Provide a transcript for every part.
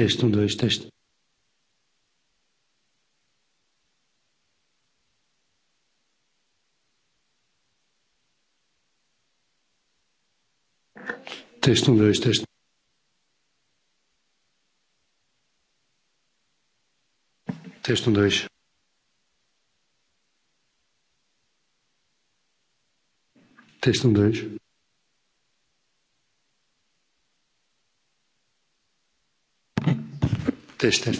texto um dois texto texto um dois texto texto um dois texto um dois Testen.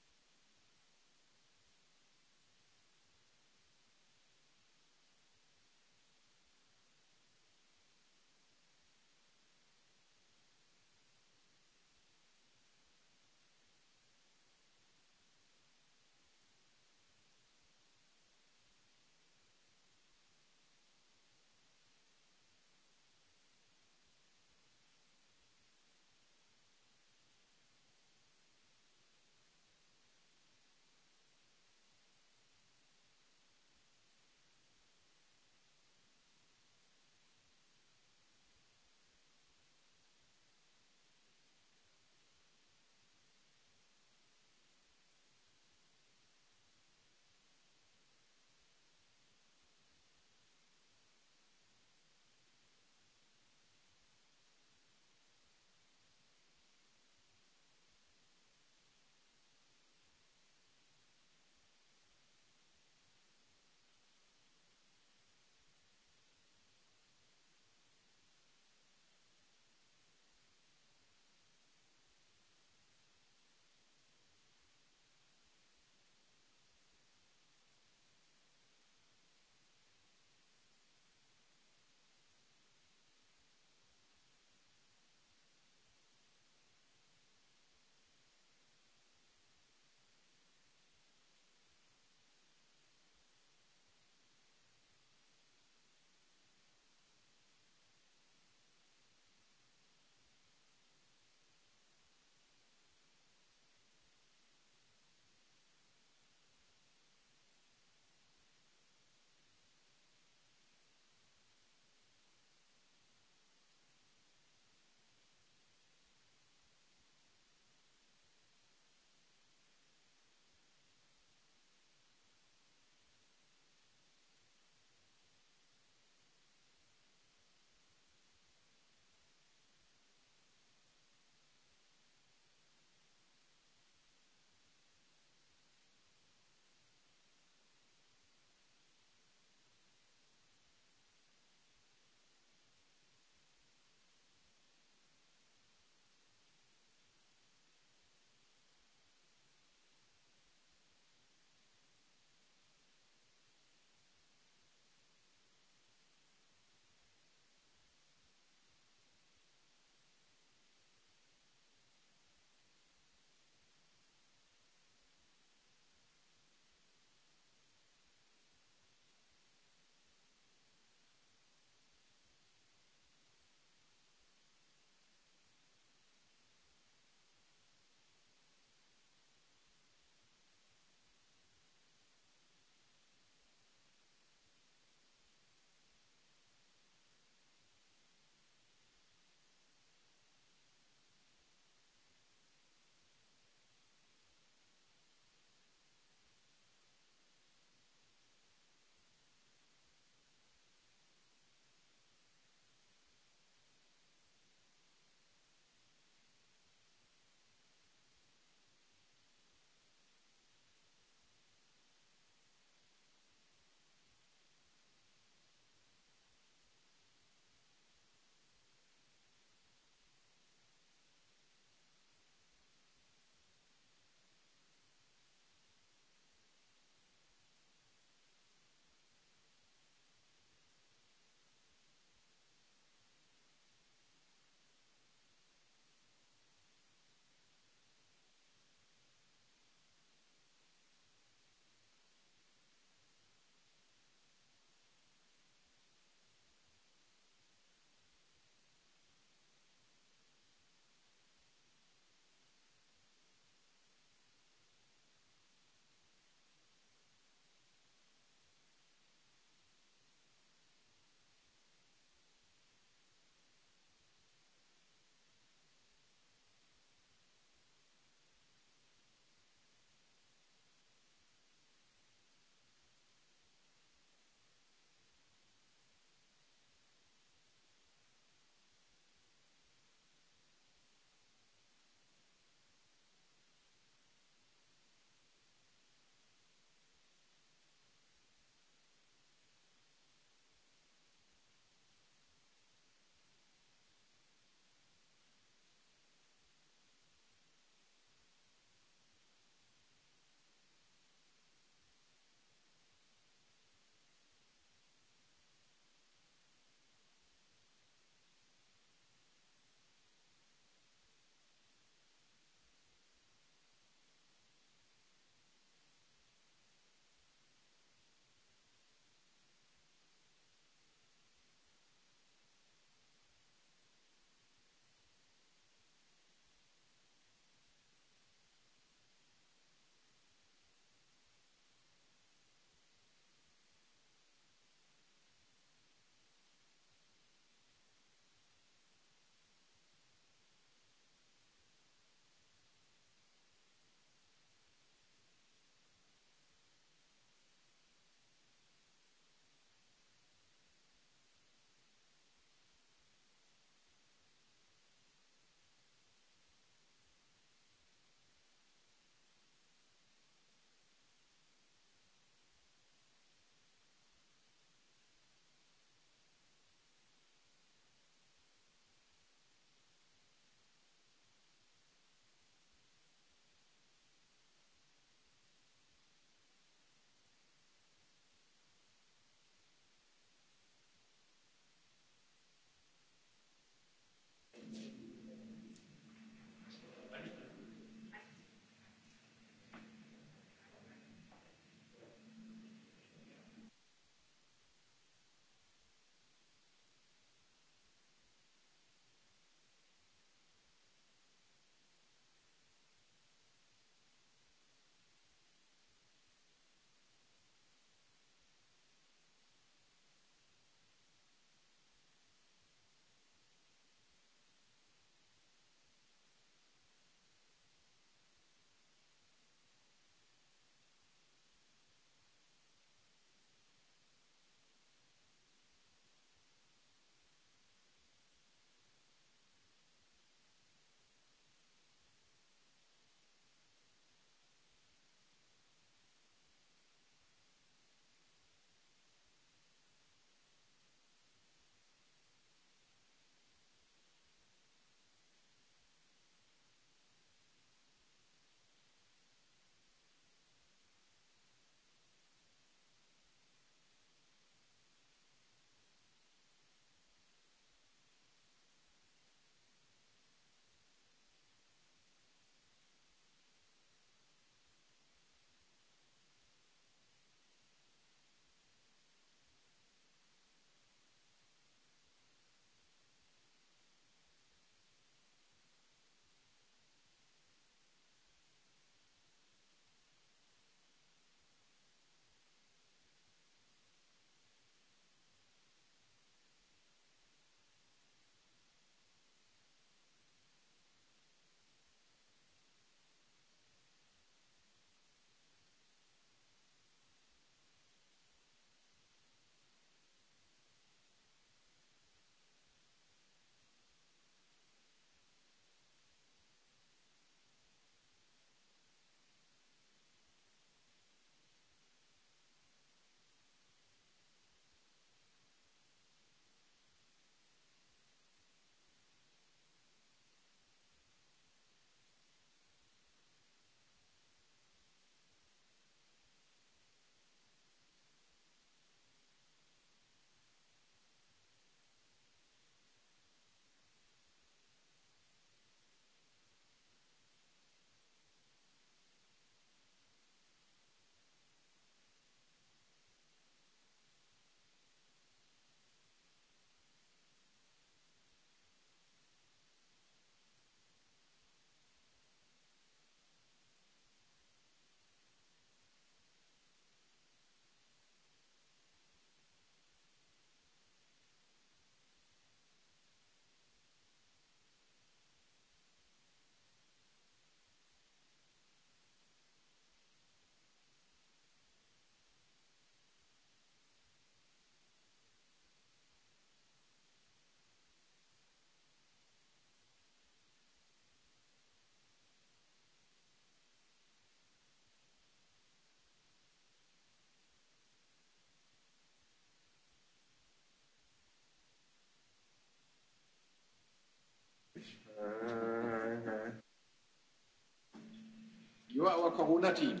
Bravo Corona Team.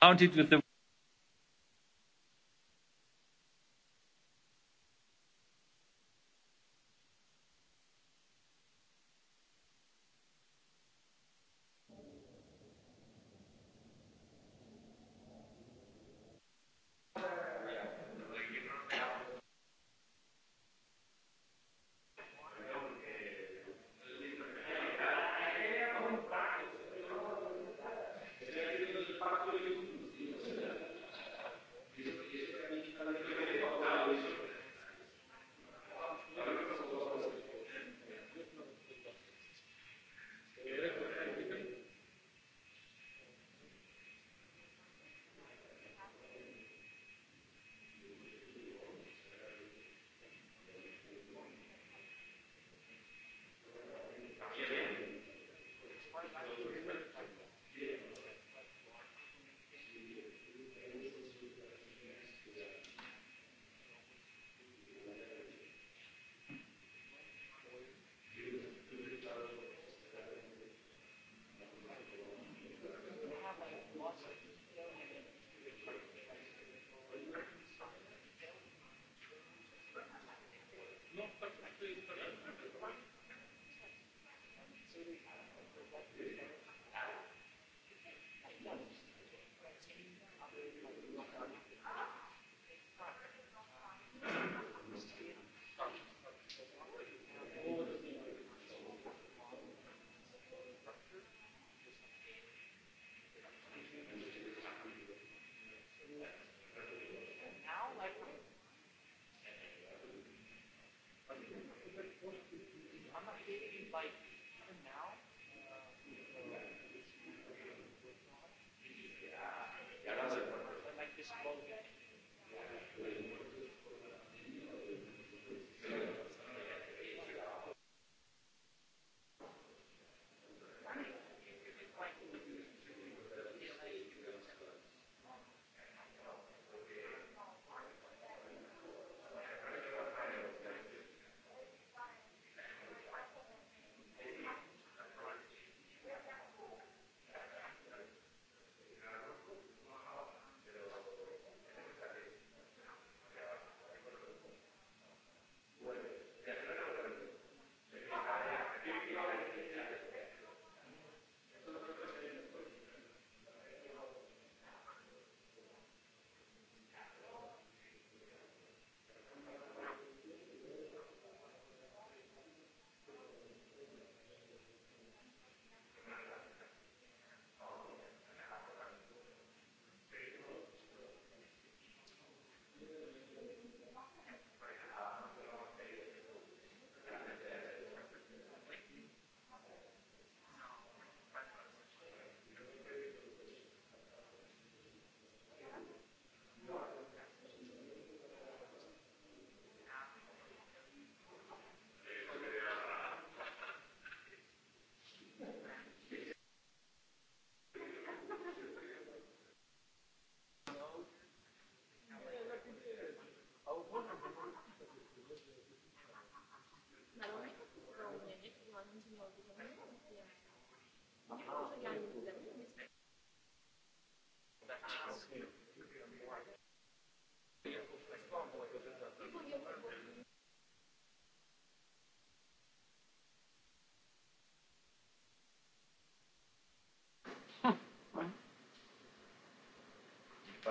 Counted ja. with the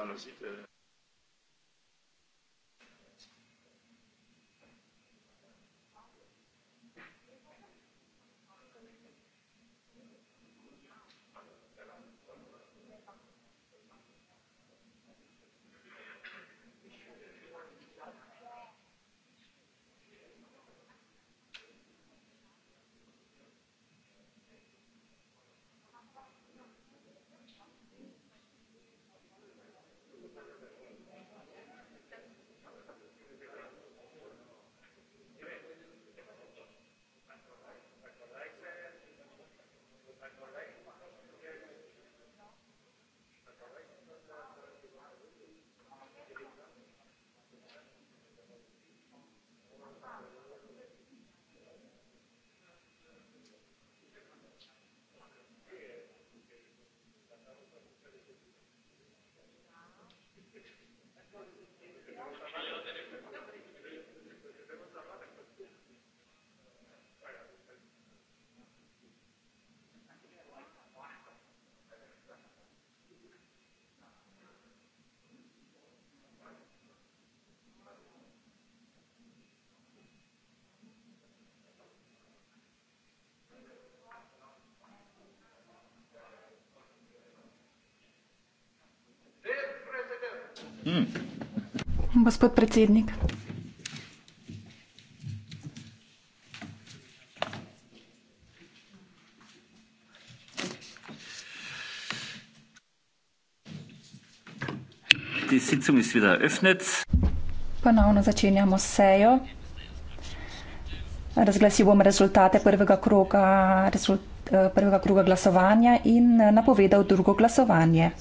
enostavno vzeti Mm. Gospod predsednik. Ponovno začenjamo sejo. Razglasil bom rezultate prvega kroga, eh, prvega kroga glasovanja in eh, napovedal drugo glasovanje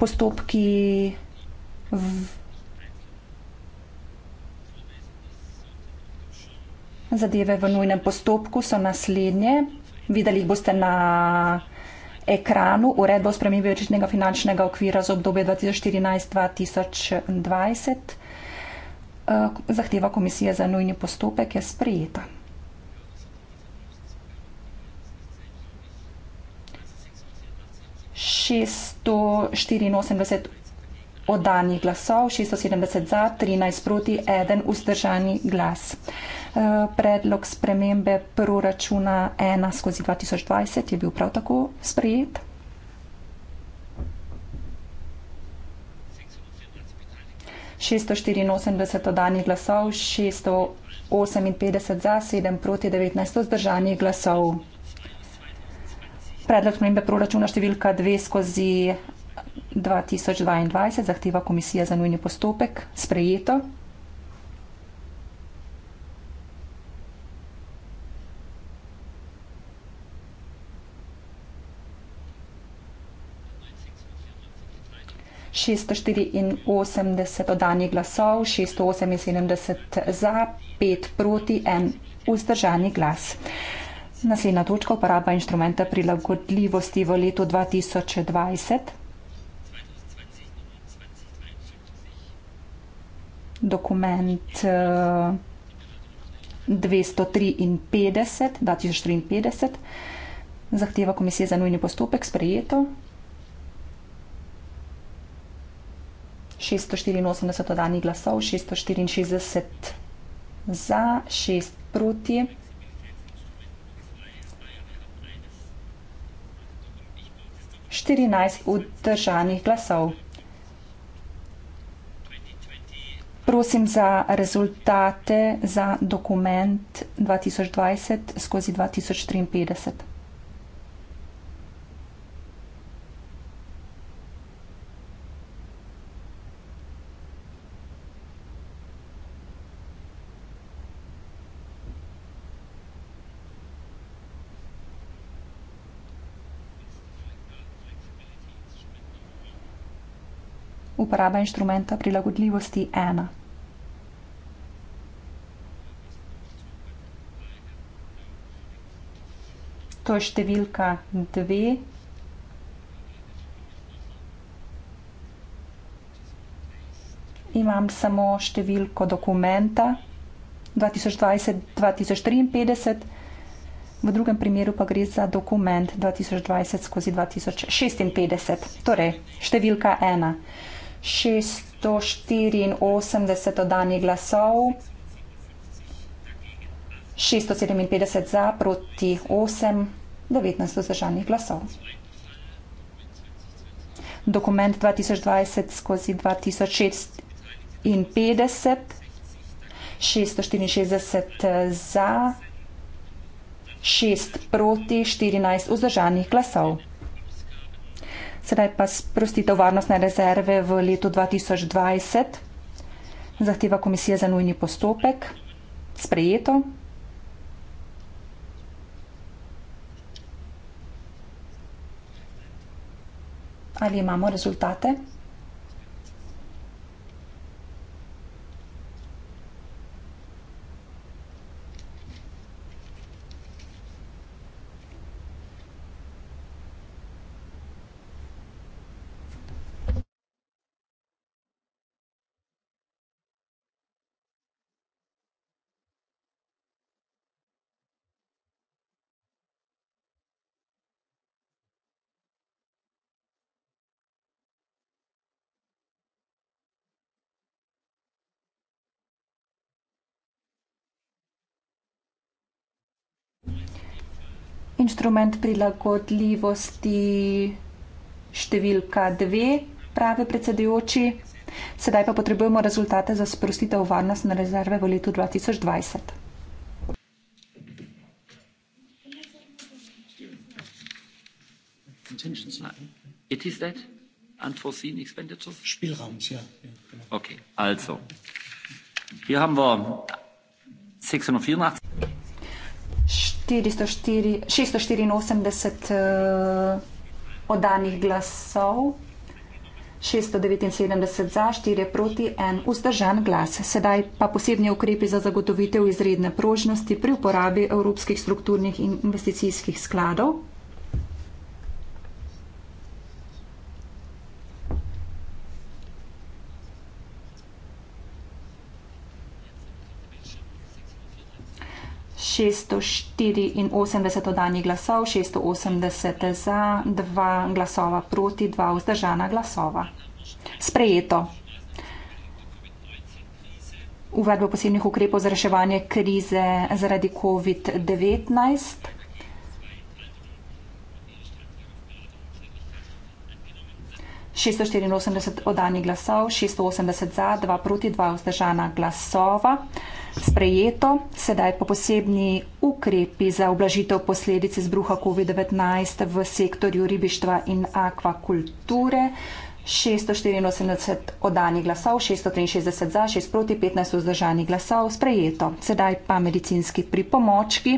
postopki v zadeve v nujnem postopku so naslednje. Videli jih boste na ekranu uredbo o spremembi večitnega finančnega okvira za obdobje 2014-2020. Eh, zahteva komisije za nujni postopek je sprejeta. 684 oddanih glasov, 670 za, 13 proti, 1 vzdržani glas. E, predlog spremembe proračuna 1 skozi 2020 je bil prav tako sprejet. Šesto štiriinosemdeset oddanih glasov, šesto oseminpetdeset za, sedem proti devetnajst vzdržanih glasov. Predlog spremembe proračuna številka 2 skozi 2022 zahteva komisija za nujni postopek sprejeto. Šeststo oddanih glasov, 678 za, 5 proti, en vzdržani glas. Naslednja točka, uporaba inštrumenta prilagodljivosti v letu 2020. Dokument 253, eh, 2053. Zahteva komisije za nujni postopek sprejeto. 684 odani glasov, 664 za, 6 proti. 14 udržanih glasov. Prosim za rezultate za dokument 2020 skozi 2053. uporaba inštrumenta prilagodljivosti 1. To je številka 2. Imam samo številko dokumenta 2020-2053, v drugem primeru pa gre za dokument 2020-2056, torej številka 1. 684 oddanih glasov, 657 za proti 8, 19 vzdržanih glasov. Dokument 2020 skozi 2650, 664 za, 6 proti 14 vzdržanih glasov. Sedaj pa sprostitev varnostne rezerve v letu 2020. Zahteva komisije za nujni postopek. Sprejeto. Ali imamo rezultate? instrument prilagodljivosti številka 2, pravi predsedujoči. Sedaj pa potrebujemo rezultate za sprostitev varnostne rezerve v letu 2020. It is that unforeseen expenditures? Spielraum, ja. Okay, also. Hier haben wir 684. 684 uh, eh, oddanih glasov, 679 za, 4 proti, 1 vzdržan glas. Sedaj pa posebni ukrepi za zagotovitev izredne prožnosti pri uporabi evropskih strukturnih in investicijskih skladov. 684 oddanih glasov, 680 za, 2 glasova proti, 2 vzdržana glasova. Sprejeto. Uvedbo posebnih ukrepov za reševanje krize zaradi COVID-19. Šesto štiriinosemdeset oddanih glasov, šesto osemdeset za, dva proti, dva vzdržana glasova sprejeto, sedaj pa posebni ukrepi za oblažitev posledic izbruha COVID-19 v sektorju ribištva in akvakulture. 684 odani glasov, 663 za, 6 proti, 15 vzdržani glasov, sprejeto. Sedaj pa medicinski pripomočki.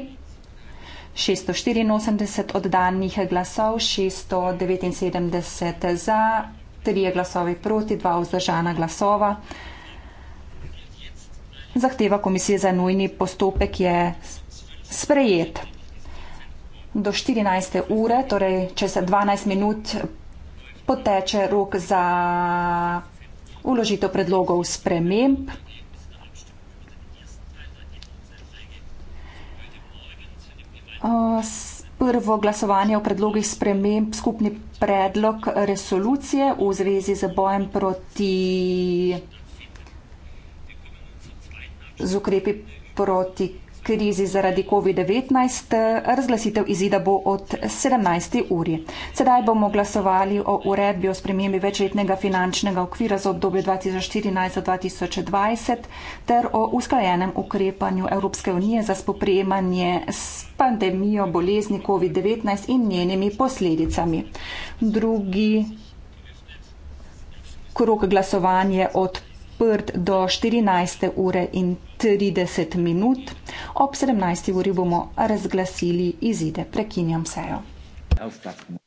684 oddanih glasov, 679 za, 3 glasovi proti, 2 vzdržana glasova. Zahteva komisije za nujni postopek je sprejet. Do 14. ure, torej čez 12 minut, poteče rok za uložitev predlogov sprememb. Prvo glasovanje o predlogih sprememb, skupni predlog resolucije v zvezi z bojem proti z ukrepi proti krizi zaradi COVID-19. Razglasitev izida bo od 17. uri. Sedaj bomo glasovali o uredbi o spremembi večletnega finančnega okvira za obdobje 2014-2020 ter o usklajenem ukrepanju Evropske unije za spopremanje s pandemijo bolezni COVID-19 in njenimi posledicami. Drugi krok glasovanja odprt odprt do 14. ure in 30 minut. Ob 17. uri bomo razglasili izide. Prekinjam sejo. Ja,